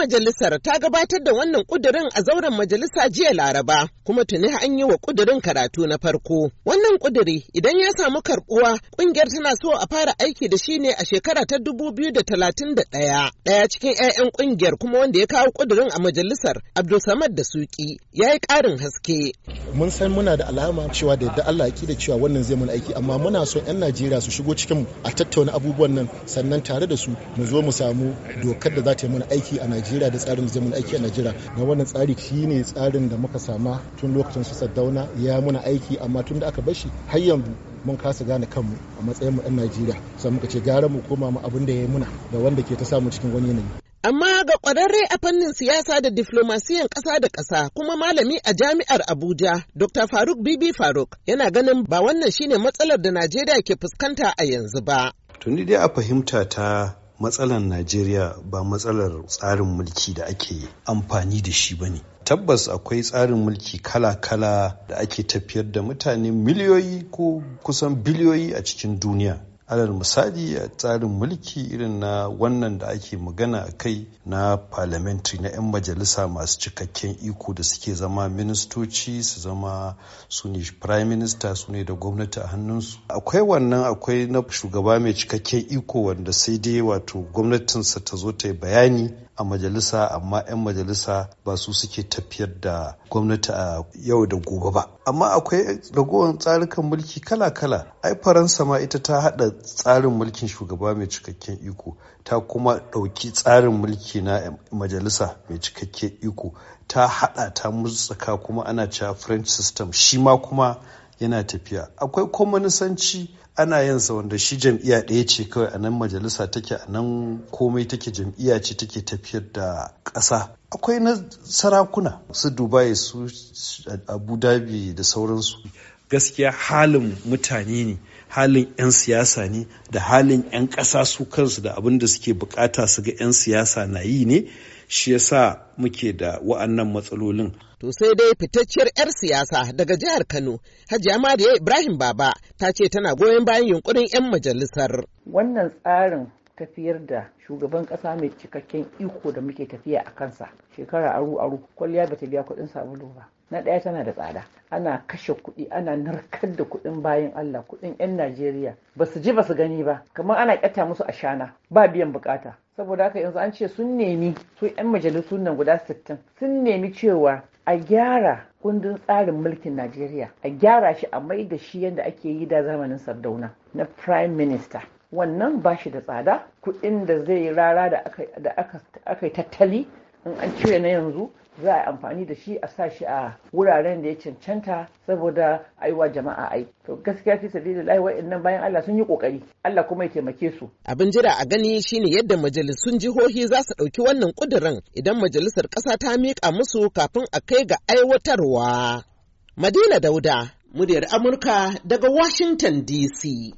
majalisar ta gabatar da wannan kudirin a zauren majalisa jiya Laraba, kuma tuni an yi wa kudirin karatu na farko. Wannan kudiri idan ya samu karbuwa kungiyar tana so a fara aiki da shi ne a shekara ta dubu biyu da talatin da ɗaya. Ɗaya cikin 'ya'yan kungiyar kuma wanda ya kawo kudirin a majalisar Abdulsamad da Suki ya yi ƙarin haske. Mun san muna da alama cewa da yadda Allah ya da cewa wannan zai mana aiki amma muna so 'yan Najeriya su shigo cikin a tattauna abubuwan nan sannan tare da su mu zo mu samu dokar da za ta yi mana aiki a Najeriya. najeriya da tsarin da zai mun aiki a najeriya na wannan tsari shi ne tsarin da muka sama tun lokacin su saddauna ya muna aiki amma tun da aka bashi har yanzu mun kasa gane kanmu a matsayin mu yan najeriya sai muka ce gara mu koma mu abin da ya muna da wanda ke ta samu cikin wani yanayi Amma ga kwararre a fannin siyasa da diflomasiyan ƙasa da ƙasa kuma malami a jami'ar Abuja, Dr. Faruk Bibi Faruk yana ganin ba wannan shine matsalar da Najeriya ke fuskanta a yanzu ba. Tuni dai a fahimta ta matsalar najeriya ba matsalar tsarin mulki da ake amfani da shi ba ne tabbas akwai tsarin mulki kala-kala da ake tafiyar da mutane miliyoyi ko kusan biliyoyi a cikin duniya alal misali a tsarin mulki irin na wannan da ake magana a kai na parliamentary na 'yan majalisa masu cikakken iko da suke zama ministoci su zama su ne prime minister su ne da gwamnati a hannunsu akwai wannan akwai na shugaba mai cikakken iko wanda sai dai wato gwamnatinsa ta zo ta yi bayani a majalisa amma 'yan majalisa ba su suke tafiyar da gwamnati a yau da gobe ba amma akwai ragowar tsarukan mulki kala-kala ai faransa ma ita ta hada tsarin mulkin shugaba mai cikakken iko ta kuma ɗauki tsarin mulki na majalisa mai cikakken iko ta haɗa ta mutsaka kuma ana cewa french system shi ma kuma yana tafiya akwai kwamanisanci ana yin wanda shi jam'iyya ɗaya ce kawai a nan majalisa take a nan komai take jam'iyya ce take tafiyar da ƙasa akwai na sarakuna su dubai su abu dhabi da sauransu gaskiya halin mutane ne halin 'yan siyasa ne da halin 'yan ƙasa su kansu da abin da suke bukata su ga 'yan siyasa na yi ne shi yasa muke da wa'annan matsalolin. To sai dai fitacciyar 'yar siyasa daga jihar Kano, Hajiya Mariya Ibrahim Baba ta ce tana goyon bayan yunkurin 'yan majalisar. Wannan tsarin tafiyar da shugaban ƙasa mai cikakken iko da muke tafiya a kansa shekara aru aru kwalliya bata biya kuɗin sabulu ba na ɗaya tana da tsada ana kashe kuɗi ana narkar da kuɗin bayan Allah kuɗin 'yan Najeriya ba su ji ba su gani ba kamar ana ƙyata musu a shana ba biyan bukata saboda haka yanzu an ce sun nemi su 'yan majalisu nan guda sittin. sun nemi cewa a gyara kundin tsarin mulkin Najeriya a gyara shi a mai da shi yadda ake yi da zamanin Sardauna na Prime Minister wannan ba shi da tsada kuɗin da zai rara da aka yi tattali in an cire na yanzu za a amfani da shi a sa shi a wuraren da ya cancanta saboda aiwa jama'a ai to gaskiya fi in nan bayan Allah sun yi kokari Allah kuma ya taimake su abin jira a gani shine yadda majalisun jihohi za su ɗauki wannan kudirin idan majalisar ƙasa ta miƙa musu kafin a kai ga aiwatarwa Madina Dauda muryar Amurka daga Washington DC